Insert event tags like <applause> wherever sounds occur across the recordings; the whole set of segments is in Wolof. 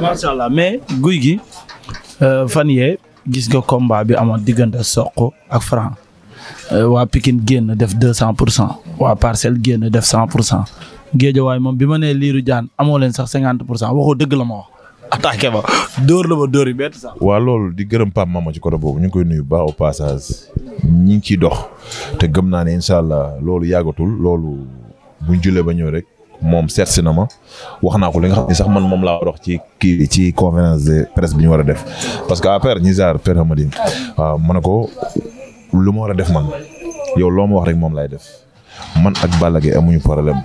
macha allah mais guy gi euh, fan ye gis nga combat bi amoon diggante soq ak Franc euh, waa Pikine génn def deux cent pour cent waa Parcelles génn def cent pour cent Géejawaay moom bi ma nee liiru jaan amoo leen sax cinquante pour cent waxoo dëgg la ma wax. attaqué ma dóor la ma dóor yi bett sax. waa loolu di gërëm Pape Mama ci côté boobu ñu koy nuyu ba au passage ñi ngi ciy dox te gëm naa ne incha allah loolu yàggatul loolu buñ jule ba ñëw rek. moom seet si na ma wax naa ko li nga xam ne sax man moom laa wax ci kii ci conférence de presse bi ñu war a def parce que après ñi jaar Père Hamadi waaw ma ne ko lu ma war a def man yow loo ma wax rek moom laay def man ak Balla Gaye amuñu problème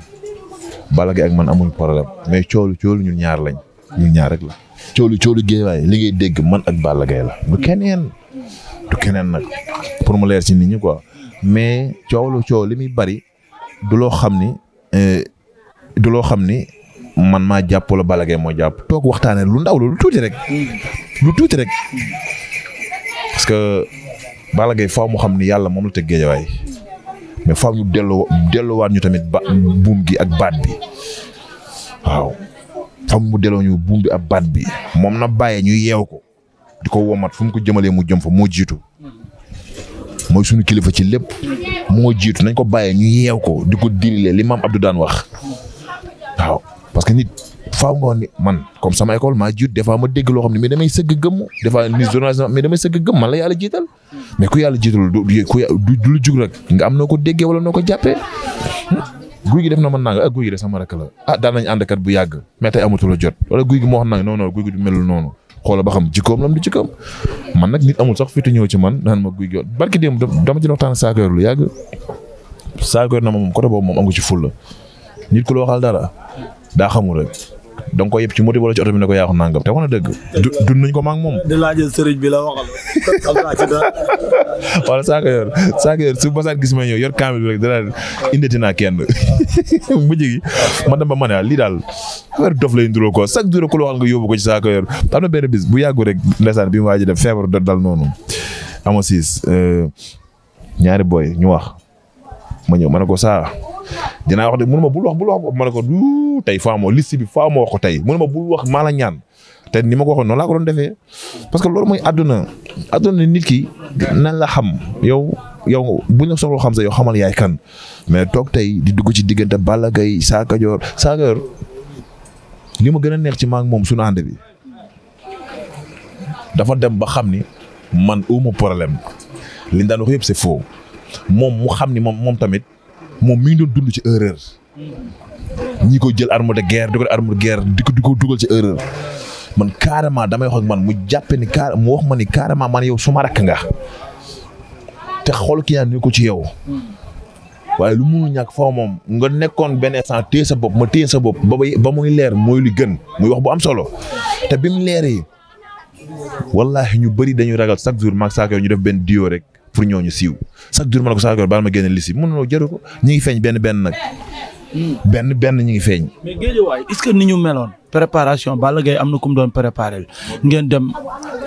Balla Gaye ak man amuñu problème mais coolu coolu ñu ñaar lañ ñun ñaar rek la. coolu coolu géewaay li ngay dégg man ak Balla Gaye la du keneen du keneen nag pour mu leer ci nit ñi quoi mais coolu coow li muy bari du loo xam ni. Euh, du loo xam ni man maa jàpp wala Balla moo jàpp toog waxtaanee lu ndaw loolu tuuti rek. lu tuuti rek parce que Balla Gaye faaw mu xam ni yàlla moom la tëgg géejawaay mais faaw ñu delloo delloowaat ñu tamit ba buum gi ak baat bi waaw faaw mu delloo ñu bi ak baat bi moom na bàyyee ñu yeew ko di ko womat fu mu ko jëmalee mu jëm fa moo jiitu mooy suñu kilifa ci lépp moo jiitu nañ ko bàyyee ñu yeew ko di ko dirilee li maam Abdou daan wax. waaw parce que nit faaw nga ni man comme sama école maa jiit des ma dégg loo xam ne mais damay sëgg gëmm des fois ni journaliste mais damay sëgg gëmm man la yàlla jiital mais ku yàlla jiital du du lu jug rek nga am noo ko déggee wala noo ko jàppee hmm? guy gi def na ma nanga ah guy gi ah, daan nañ ànd bu yàgg mais tey amatula jot wala guy gi moo wax nanga non non guy gi du melul noonu xoolal ba xam jikkoom lam du jikkoom man nag nit amul sax fitu ñëw ci man naan ma guy gi barki démb dama ci waxtaan saakoor lu yàgg saakoor na ma moom côté boobu moom am nga ci fulla nit ku la waxal dara daa xamul rek da ko yëpp ci moto wala ci oto bi ne ko yaaxu nangam te wax na du dund nañ ko maak moom. di laajal sëriñ bi la waxal. <laughs> wala saako yor saako yor su basaan gis ma ñëw yor kaamil bi rek dara indeti naa kenn <laughs> mujj gi ma dem ba ma ne lii daal weer dof lay nduróo ko chaque jour nga yóbbu ko ci saako yor am na benn bis bu yàggu rek ndeysaan bi mu waaj a def feebar dal noonu. amoo siis euh, ñaari boy ñu wax ma ñëw ma ko saa. dinaa wax de mënu ma bul wax bul wax ma ne moo liste bi faa moo tey mënu ma bul wax maa ñaan te ni ma ko waxoon noonu laa ko doon parce que loolu mooy àdduna àdduna nit ki nan la xam yow yow buñ la soxla xam sa yow xamal yaay kan mais toog tey di dugg ci diggante Balla Gaye Sa Kajoor Sa Kajoor ma gën a neex ci maak moom suñu ànd bi dafa dem ba xam ni man uma problème li ñu daan wax yëpp c'est faux moom mu xam ni moom moom tamit moom mi ngi doon dund ci erreur. ñi ko jël arme de guerre di ko arme de guerre di ko di dugal ci erreur. man carrément damay wax man mu jàppe ni car mu wax ma ni carrément man yow suma rakk nga. te xool ki yaa ni ko ci yow. waaye lu mu ñàkk foo moom nga nekkoon benn instant téye sa bopp ma téye sa bopp ba ba muy leer mooy lu gën muy wax bu am solo te bi mu leeree. wallaahi ñu bëri dañu ragal chaque jour maag saako ñu def benn diwo rek pour ñooñu siiw chaque jour ma ne ko sax baal ma génne liste ko ñu ngi feeñ benn benn nag. benn benn ñu ngi feeñ. mais Guédiawaye est ni ñu meloon. préparation Balla am na ku mu doon préparé ngeen dem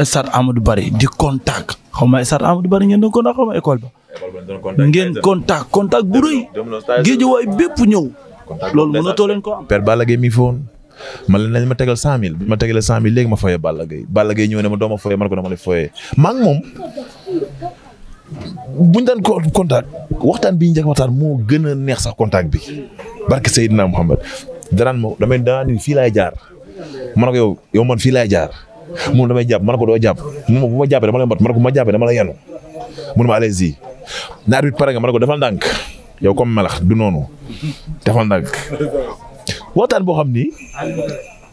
stade Amadou Barry di contact xaw ma stade Amadou Barry ngeen doon contact xaw ma école ba. ngeen contact contact bu rëy. loolu mënatoo leen ko am. man la nañ ma tegal cent mille bi ma tegalee cent léegi ma foyee Balla Gaye Balla Gaye ñëw ne ma doo ma foyee man ko dama lay foyee maa moom buñ daan contact waxtaan bi ñu njëkk waxtaan moo gën neex sax contact bi barke Seydina Muhammad danaan ma damay daan fii laay jaar man ko ma yow man fii laay jaar moom damay jàpp man doo jàpp moom bu ma jàppee dama lay mat man ko ma jàppee dama lay yanu mun ma allez-y naar bi pare nga man ko defal ndànk yow comme melax du noonu defal ndànk waxtaan boo xam ni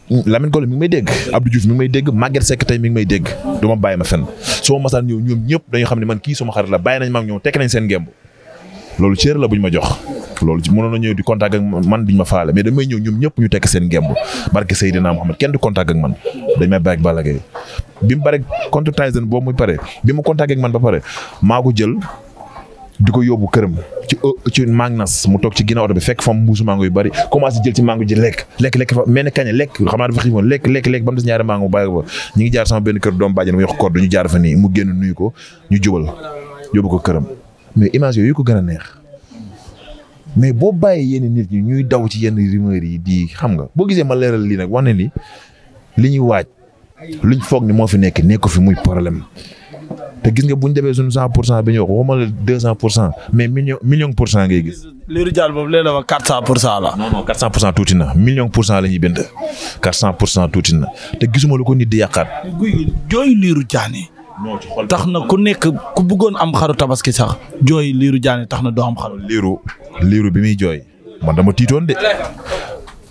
Lamine Kole mi ngi may dégg Abdou Diouf mi ngi may dégg Maguette Seck tey mi ngi may dégg du ma bàyyi ma fenn soo ma masaan ñëw ñoom ñëpp dañu xam ne man kii suma xarit la bàyyi nañ ma ak ñoom tekk nañ ma jox loolu ci mënoon na ñëw di contact ak man duñ ma faale mais dañ may ñëw ñoom ñëpp ñu tekk seen ngemb barke Seydina Mohamed kenn du contact ak man dañ may bàyyi ak Balla Gaye bi mu bare contre Tyson boobu muy pare bi mu contact ak man ba pare maa ko jël di ko yóbbu këram ci ci Magnus mu toog ci ginnaaw oto bi fekk fam mbuusu mango yu bari commencé jël ci mango ji lekk lekk lekk fa mel ni kañ lekk xam naa dafa xiifoon lekk lekk lekk ba mu des ñaari mango mu bàyyi ko fa ñu ngi jaar sama jaar fa nii mu génn nuyu ko ñu jubal yóbbu ko këram mais image yooyu ko gën a neex mais boo bàyyi yenn nit ñi ñuy daw ci yenn rumeur yi di xam nga boo gisee ma leeral lii nag wax ne li li ñuy waaj luñ foog ni moo fi nekk nekk fi muy problème te gis nga bu ñu defee suñu cent pour cent bi ñu wax waxuma la deux cent pour cent mais million million cent ngay gis. Lirou Diane boobu léegi la quatre cent pour cent la. quatre cent pour cent tuuti na million pour cent la ñuy bind quatre cent pour cent tuuti te gisuma lu ko nit di yàqaat. guy jooy Lirou Diane. non ci tax na ku nekk ku bëggoon am xaru tabaski sax jooy Lirou Diane tax na doo am xaru. Lirou Lirou bi muy jooy man dama tiitoon de.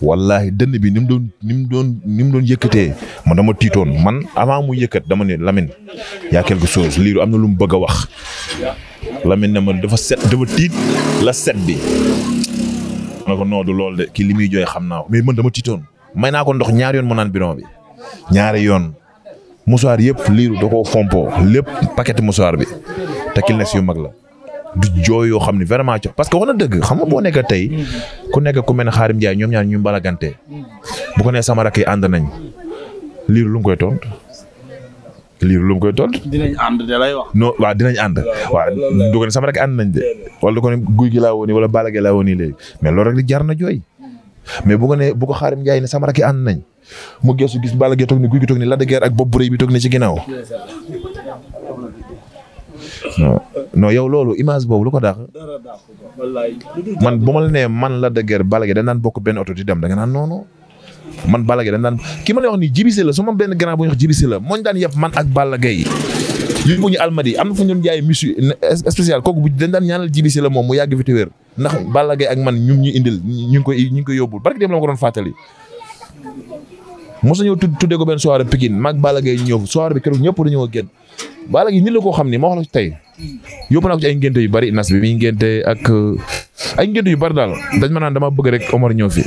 wallahi dënn bi ni mu doon ni mu doon ni mu doon yëkkatee man dama tiitoon man avant mu yëkkat dama ne Lamine yaa quelque chose lii am na lu mu bëgg a wax Lamine ne ma dafa set dafa tiit la set bi. ma ne ko non du loolu de kii li muy jooy xam naa mais man dama tiitoon may naa ko ndox ñaari yoon mu naan bidon bi ñaari yoon. musuwaar yëpp liiru da koo fompoo lépp paket musuwaar bi te kilines yu mag la. du jooy yoo xam ne vraiment co parce que wax na dëgg xam nga boo nekk tey ku nekk ku mel ne Xaarim Njaay ñoom ñaar ñu mbalagante bu ko nee sama rakk yi ànd nañ liir lu mu koy tontu liir lu mu koy tontu. dinañ ànd de lay wax. non waaw dinañ ànd. waaw du ko ne sama rakk ànd nañ de. wala du ko ne guy gi laa woon wala baala gi laa woon léegi mais loolu rek li jar na jooy mais bu ko nee bu ko Xaarim Njaay ne sama rakk yi ànd nañ mu geesu gis baala gi toog ni guy gi toog ni la de guerre ak bopp bu rëy bi toog ni ci ginnaaw. non yow loolu image boobu lu ko dàq. man bu ma la nee man la dëgër Balla Gaye dañ naan bokk benn oto di dem da nga naan noonu. man Balla Gaye dañ naan ki ma lay wax nii jibisi la su ma benn grand bu ñu wax jibisi la moo ñu daan yëpp man ak Balla Gaye yi am na ñu doon jaay misu spécial kooku bu dañ daan ñaanal jibisi la moom mu yàgg fi te wér ndax bala Gaye ak man ñu ñu indil ñu ngi koy ñu ngi koy yóbbul barki dem la ma ko doon fàttali. mos nañoo tuddee ko benn soirée Pikine mag Balla Gaye ñëw soirée bi keroog ñëpp a génn baa Gaye nit la koo xam ni ma wax la ci tey yóbbu naa ko ci ay ngénte yu bari nas bi mi ngénte ak euh, ay ngénte yu bari daal dañ ma naan dama bëgg rek Omar ñëw fi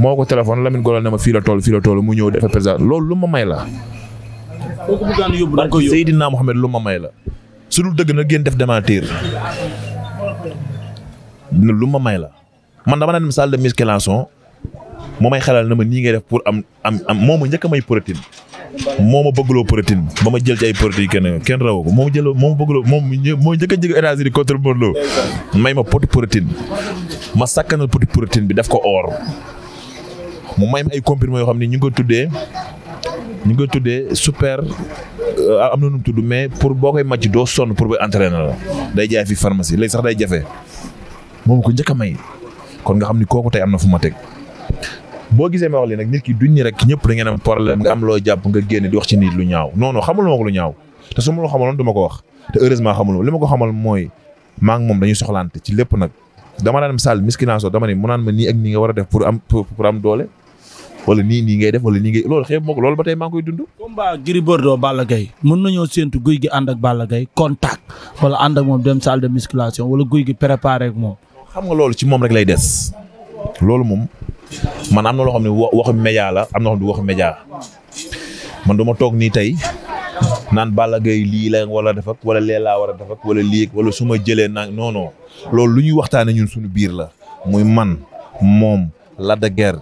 moo ko téléphone Lamine ma fii la toll fii la toll mu ñëw dafa président loolu lu ma may la. kooku mu daan lu ma may la. su dëgg na ngeen def démentir lu ma may la man dama naan salle de musculation moo may na ma nii pour am am am moo njëkk may protéine. moo ma bëggloo protéine ba ma jël ci ay protéine kenn kenn rawu ko moo ma moo ma bëggloo moom moo njëkk a jëg États-Unis contre Modou may ma poti protéine ma sakkanal poti protéine bi daf ko or mu may ma ay comprimés yoo xam ne ñu ngi ko tuddee ñu ngi ko tuddee super euh, am na nu mu tudd mais pour boo koy màcc doo sonn pour ba entraîner la day jaay fi pharmacie léegi sax day jafe moom ko njëkk a may kon nga xam ni kooku tey am na fu ma teg boo gisee ma wax li nag nit ki duñ ni rek ñëpp da ngeen am problème nga am loo jàpp nga génne di wax ci nit lu ñaaw non non xamul ko lu ñaaw te su ma la xamaloon ma ko wax te heureusement xamul moom dañuy soxlaante ci lépp nag dama daan misaal miskinaaso dama ne mu naan ma nii ak nii nga war a def pour am pour am doole wala nii nii ngay def wala nii ngay loolu xëy na loolu ba tey maa ngi koy dund. combat Gris Bordeaux Balla Gaye mën nañoo séntu guy gi ànd ak Balla Gaye contact wala ànd ak moom dem salle de musculation wala guy gi préparé ak moom. xam nga loolu ci moom rek lay des loolu moom man am na loo xam ne waxu média la am na loo xam ne waxu média man du toog nii tey naan Balla Gaye lii la war a def ak wala lee laa war a def ak wala lii wala su ma jëlee naan noonoo loolu lu ñuy waxtaanee ñun suñu biir la muy man moom la deger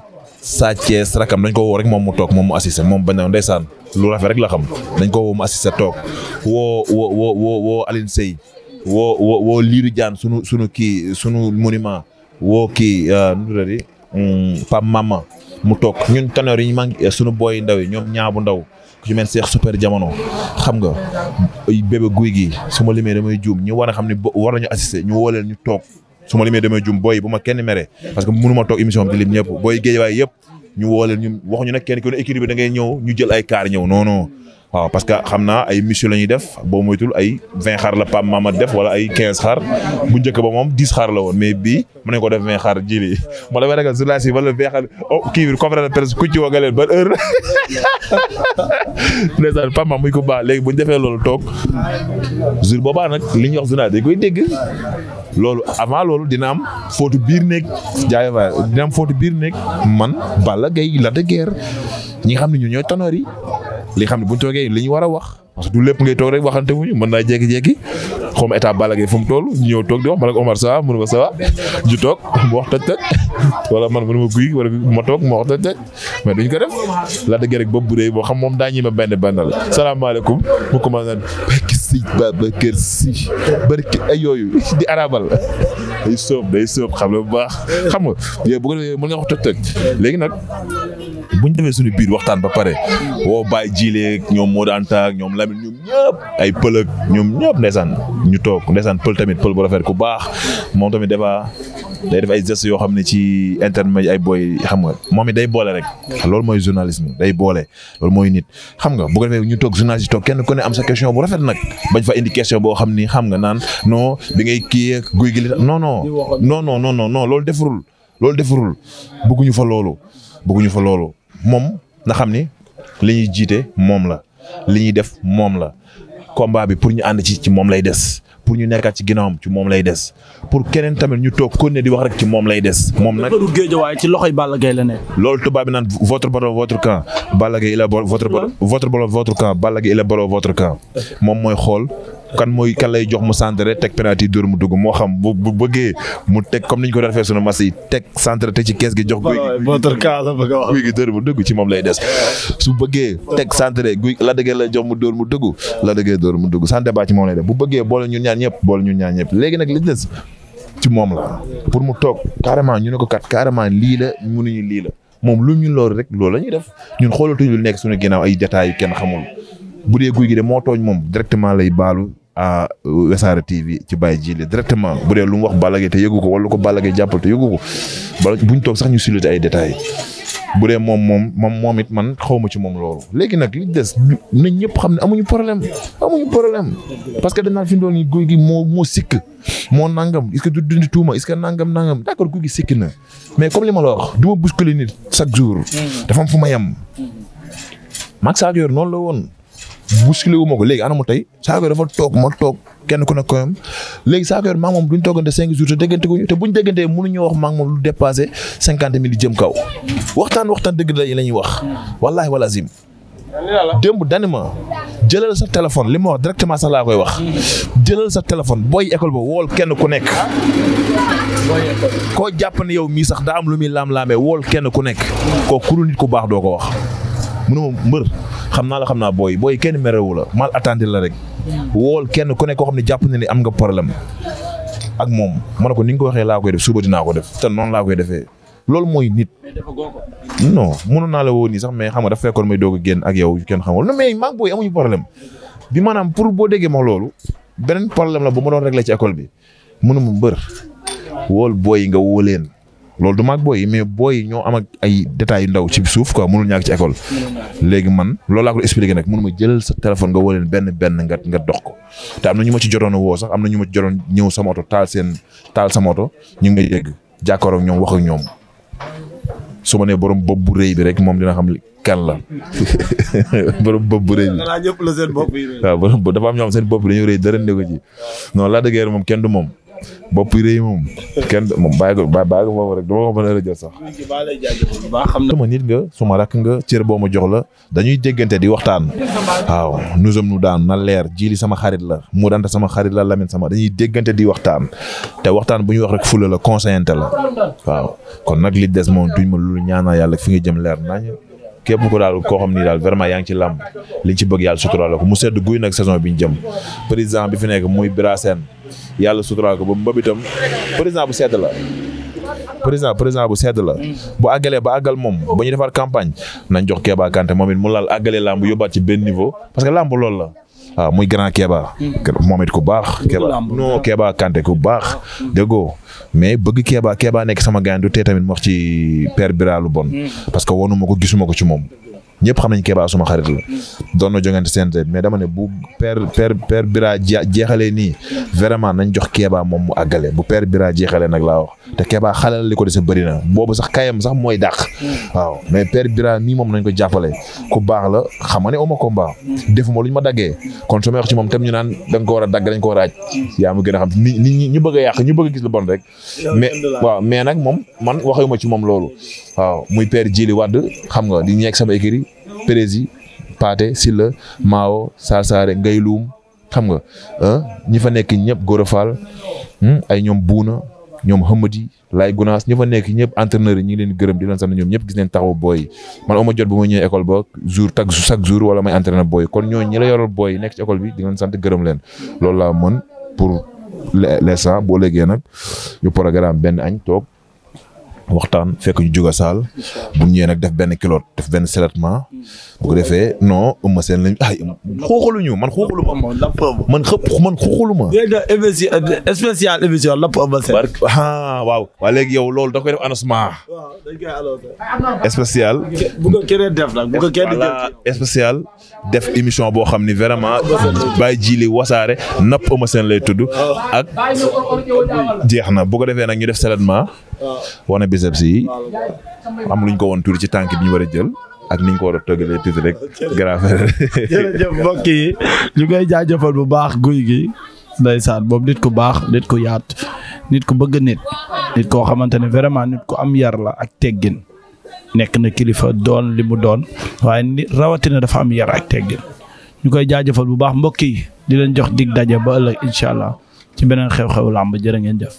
Guiers Sa rakam dañ ko woo rek moom mu toog moom mu assisté moom bañ na ndeysaan lu rafet rek la xam dañ ko woo mu assisté toog woo woo woo woo Aline Sey woo woo woo Lirou Diane sunu sunu kii sunu monument woo kii euh, nu mu Mm, Pape Mama mu toog ñun tenor yi man eh, suñu booy ndaw yi ñoom ñaabu ndaw ku ci mel Cheikh super jamono xam nga bébé guy gi su ma limee damay juum ñu war a xam ne war nañu assister ñu woo leen ñu toog su ma limee damay juum booy bu ma kenn mere parce que mënu ma toog émission bi di lim ñëpp booy waay yëpp ñu woo ñu waxuñu nag ku ne équipe bi da ñëw ñu jël ay kaar ñëw non waaw parce que xam naa ay monsieur la ñuy def boo moytul ay vingt xaar la Pape a def wala ay quinze xaar bu njëkk ba moom dix xaar la woon mais bi mën nañ ko def vingt xaar jili moo damay ragal su laa si wala vingt xaar oh kii bi conférence de presse ku ci wagaleen ban <laughs> muy ko baax léegi bu ñu defee loolu toog jour boobaa nag li ñuy wax journal dañ koy dégg loolu avant loolu dina am fóotu biir néeg jaay waay dina am biir néeg man Balla Gaye la de guerre ñi nga xam ne ñun ñooy tanoor li xam ne bu ñu toogee li ñu war a wax parce que du lépp ngay toog rek waxante wuñu mën naa jékki-jékki xaw ma état Balla Gaye mu toll ñu ñëw toog di wax ma ne ko Omar ça va ma ça va ñu toog <laughs> mu wax toj toj wala man mënu ma guy wala ma toog ma wax toj toj mais duñ ko bu rëy boo xam moom daa ñi ma benn benn la salaamaaleykum mu commencé naan barki si Babacar barki ay yooyu di arabal day soob day soob xam la baax xam nga yow bu ko defee mën nga wax léegi nag bu ñu defee suñu biir waxtaan ba pare woo Baye Jileeg ñoom moo daan taag ñoom lamit ñoom ñëpp ay pël ñoom ñëpp ndeysaan ñu toog ndeysaan pël tamit pël bu rafet ku baax moom tamit dafa day def ay gestes yoo xam ne ci internet ay booy xam nga moom it day boole rek loolu mooy journalisme day boole loolu mooy nit xam nga bu ko defee ñu toog journaliste yi kenn ku ne am sa question bu rafet nag bañ fa indi question xam nga no non non non non loolu defarul loolu defarul bëgguñu fa loolu bëgguñu fa loolu moom na xam ni li ñuy jiite moom la li ñuy def moom la combat bi pour ñu ànd ci ci moom lay des pour ñu nekkaat ci ginnaawam ci moom lay des pour keneen tamit ñu toog kon ne di wax rek ci moom lay des. moom nag du géejawaay ci loxoy Balla Gaye la ne. loolu tubaab bi naan votre ballon votre camp Balla Gaye il est votre ballon votre camp Balla Gaye il est ballon votre camp moom mooy xool kan mooy kan lay jox mu centré teg penalty dóor mu dugg moo xam bu bu bëggee mu teg comme ni ñu ko doon sunu match yi teg centré teg ci kees gi jox. guy guy gi dóor mu dugg ci moom lay des. su bëggee teg centré guy la dëggee lay jox mu dóor mu dugg la dëggee dóor mu dugg sans débat ci def bu bëggee boole ñun ñaar ñëpp boole ñun ñaar ñëpp léegi nag li des ci moom la pour mu toog carrément ñu ko kat carrément lii la mënuñu lii la moom lu ñu loolu rek loolu la ñuy def ñun xoolatuñu lu nekk suñu ginnaaw ay jataay yu kenn xamul bu dee guy gi moo tooñ moom directement lay baalu à Wassare TV ci Baye Djily directement bu dee lu mu wax Balla Gaye te yëgu ko wala ko Balla Gaye jàppal te yëgu ko bala buñ toog sax ñu sulite ay détails bu dee moom moom moom moom it man xaw ma ci moom loolu léegi nag li des na ñëpp xam ne amuñu problème amuñu problème parce que danaa fi doon guy gi moo moo sikk moo nangam est-ce que du tuuma est nangam nangam d'accord guy gi sikk na mais comme li ma la wax du ma bousculer nit chaque jour. Mm-hmm. dafa fu ma yem. Mm-hmm. Max Sadio noonu la woon. bousculé wu ma ko léegi ana mu tey Sako dafa toog ma toog kenn ku ne koyam léegi Sako maa ngi moom duñ toogante cinq jours te déggante ko te buñ déggantee mënuñoo wax maa ngi moom lu dépassé cinquante mille jëm kaw waxtaan waxtaan dëgg la la ñuy wax wallaahi wal azim démb dani ma jëlal sa téléphone li ma wax directement sax laa koy wax jëlal sa téléphone booy école ba wool kenn ku nekk koo jàpp ne yow mii sax daa am lu muy laam-laamee wool kenn ku nekk koo kuru nit ku baax doo ko wax mu ne ma mbër xam naa la xam naa booy booy kenn merewu la mal attendre la rek wool kenn ku ne xam ne jàpp na ne am nga problème ak moom ma ne ko ni ko waxee laa koy def dinaa ko def te noonu laa koy defee loolu mooy nit. non mënoon naa la woo nii sax mais xam nga dafa fekkoon may doog a génn ak yow kenn xamul non mais maag booy amuñu problème bi maanaam pour boo déggee ma loolu beneen problème la bu ma doon réglé ci école bi mënu ma mbër wool booy nga woo leen loolu du maag booy yi mais booy yi ñoo am ay détails yu ndaw ci suuf quoi mënul ñàkk ci école. léegi man loolu laa ko expliqué nag mënuma jëlal sa téléphone nga woleen benn benn nga nga dox ko te am na ñu ma ci jotoon woo sax am na ñu ma ci jotoon ñëw sama oto taal seen taal sama oto ñu ngi yegg jàkkaaroo ak ñoom wax ak ñoom su ma nee borom bopp bu rëy bi rek moom dina xam kan la <laughs> borom bopp bu rëy bi. waaw borom dafa am ñoo xam seen bopp dañoo rëy dara ne ko ci. non la dëgg moom kenn du moom. bopp réew moom kenn moom bàyyi ko bàyyi ko foofu rek du ma ko mën a jël sax. sama nit nga suma rakk nga cër boo ma jox la dañuy déggante di waxtaan. waaw nu sommes nu daan na leer jiili sama xarit la mu danta sama xarit la Lamine sama dañuy déggante di waxtaan te waxtaan bu ñuy wax rek fula la conseillante la waaw kon nag li des moom duñ ma lu ñaanal yàlla fi nga jëm leer nañ. képp ku daal koo xam ni daal vraiment yaa ngi ci làmb liñ ci bëgg yàlla suturaal la ko mu sedd guy nag saison bi ñu jëm président bi fi nekk muy Birasène yàlla suturaal ko ba mbabitam président bu sedd la président président bu sedd la bu àggalee ba àggal moom ba ñu defar campagne nañ jox Keba Kanté moom it mu laal àggalee làmb yóbbaat ci benn niveau parce que làmb loolu la waaw ah, muy grand Kéba. Mm. moom it ku baax. Kéba non Kéba Kanté ku baax. Ah, mm. déggoo mais bëgg Kéba Kéba nekk sama gaañ du te tamit mu wax ci per Bira lu bon. Mm. parce que wonu ma ko gisuma ko ci moom. ñëpp xam nañ Keba suma xarit la doon na jongante CNG mais dama ne bu père père père Bira jeexalee nii vraiment nañ jox Keba moom mu àggale bu père Bira jeexalee nag laa wax te Keba xale ko dese bëri na boobu sax kayam sax mooy dàq waaw mais père Bira nii moom nañ ko jàppale ku baax la xam nga ne oma combat defuma lu ñu ma daggee kon su may wax ci moom tam ñu naan da ko war a dagg dañ ko war a aj yaa ma gën a xam nit ñi ñu bëgg a yàq ñu bëgg a gis lu rek mais waaw mais nag moom man waxuma ci moom loolu waaw muy père Djili Wade xam nga di ñeeg sama écurie Prési Paate Silla Mao Saar Saare Ngay xam nga ñi fa nekk ñëpp Gora Fall hmm? ay ñoom Buuna ñoom Hamadi Laay Gunaas ñi fa nekk ñëpp entraîneurs yi ñu ngi leen gërëm di na sant ñoom ñëpp gis neen taxawu booy yi man oma jot bu ma ñëwee école ba jour tag chaque jour wala may entraîneur booy kon ñoo ñi la yoral booy yi nekk ci école bi di leen sant gërëm leen loolu laa mën pour l'instant boo léegee nag ñu programme benn añ waxtaan fekk ñu jóg saal. bu ñëwee nag def benn kilo def benn selatement. Mm. bu ko defee no ëmma seen lañ ay xooxaluñu man xooxaluma. man xëpp man xooxaluma. léegi nag spécial émission lépp ëmma seen. ah waaw. waa yow loolu da koy def annoncement. spécial. spécial def émission boo xam ni vraiment. bàyyi jiili wasaare napp ëmma seen lay tudd. ak jeex na bu ko defee nag ñu def selatement. wane biceps yi am luñ ko woon tuuti ci tànk bi ñu war a jël. ak niñ ko war a toggalee tuuti rek. jërëjëf mbokk yi ñu koy jaajëfal bu baax guy gi. ndeysaan boobu nit ku baax nit ku yaat nit ku bëgg nit. nit koo xamante ne vraiment nit ku am yar la ak teggin. nekk na kilifa doon limu doon waaye ni rawatina dafa am yar ak teggin. ñu koy jaajëfal bu baax mbokk yi di jox dig daje ba ëllëg incha allah ci beneen xew-xew ba jërë ngeen jëf.